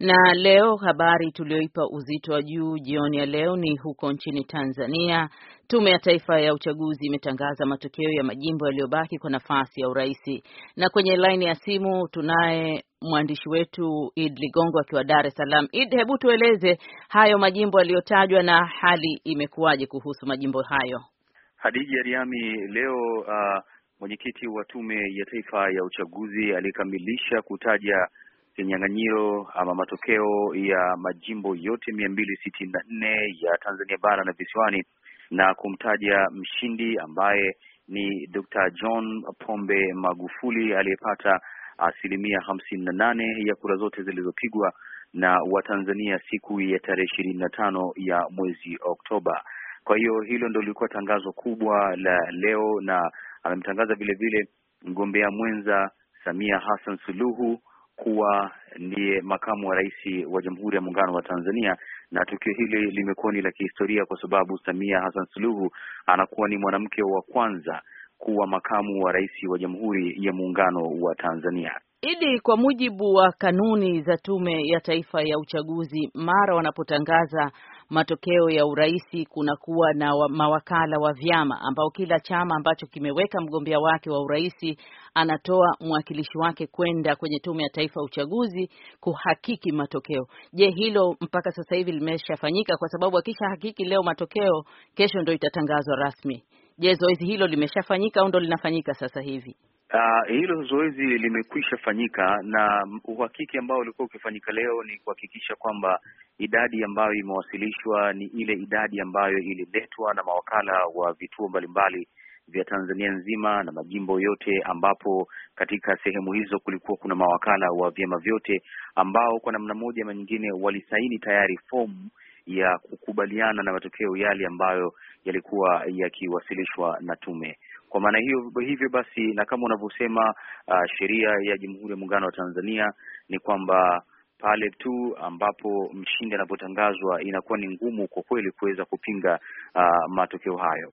Na leo habari tulioipa uzito wa juu jioni ya leo ni huko nchini Tanzania. Tume ya Taifa ya Uchaguzi imetangaza matokeo ya majimbo yaliyobaki kwa nafasi ya urais, na kwenye laini ya simu tunaye mwandishi wetu Id Ligongo akiwa Dar es Salaam. Id, hebu tueleze hayo majimbo yaliyotajwa na hali imekuwaje kuhusu majimbo hayo? Hadija Riami, leo uh, mwenyekiti wa Tume ya Taifa ya Uchaguzi alikamilisha kutaja kinyang'anyiro ama matokeo ya majimbo yote mia mbili sitini na nne ya Tanzania bara na visiwani na kumtaja mshindi ambaye ni Dr. John Pombe Magufuli aliyepata asilimia hamsini na nane ya kura zote zilizopigwa na Watanzania siku ya tarehe ishirini na tano ya mwezi Oktoba. Kwa hiyo hilo ndo lilikuwa tangazo kubwa la leo, na amemtangaza vilevile mgombea mwenza Samia Hassan Suluhu kuwa ndiye makamu wa rais wa Jamhuri ya Muungano wa Tanzania, na tukio hili limekuwa ni la kihistoria kwa sababu Samia Hassan Suluhu anakuwa ni mwanamke wa kwanza kuwa makamu wa rais wa Jamhuri ya Muungano wa Tanzania. Idi, kwa mujibu wa kanuni za Tume ya Taifa ya Uchaguzi, mara wanapotangaza matokeo ya kuna kunakuwa na wa, mawakala wa vyama ambao kila chama ambacho kimeweka mgombea wake wa urais anatoa mwakilishi wake kwenda kwenye Tume ya Taifa ya Uchaguzi kuhakiki matokeo. Je, hilo mpaka sasa hivi limeshafanyika? Kwa sababu akisha hakiki leo matokeo, kesho ndio itatangazwa rasmi. Je, zoezi hilo limeshafanyika au ndo linafanyika sasa hivi? Uh, hilo zoezi limekwisha fanyika na uhakiki ambao ulikuwa ukifanyika leo ni kuhakikisha kwamba idadi ambayo imewasilishwa ni ile idadi ambayo ililetwa na mawakala wa vituo mbalimbali vya Tanzania nzima na majimbo yote, ambapo katika sehemu hizo kulikuwa kuna mawakala wa vyama vyote ambao kwa namna moja ama nyingine walisaini tayari fomu ya kukubaliana na matokeo yale ambayo yalikuwa yakiwasilishwa na tume. Kwa maana hiyo, hivyo basi, na kama unavyosema uh, sheria ya Jamhuri ya Muungano wa Tanzania ni kwamba pale tu ambapo mshindi anapotangazwa inakuwa ni ngumu kwa kweli kuweza kupinga uh, matokeo hayo.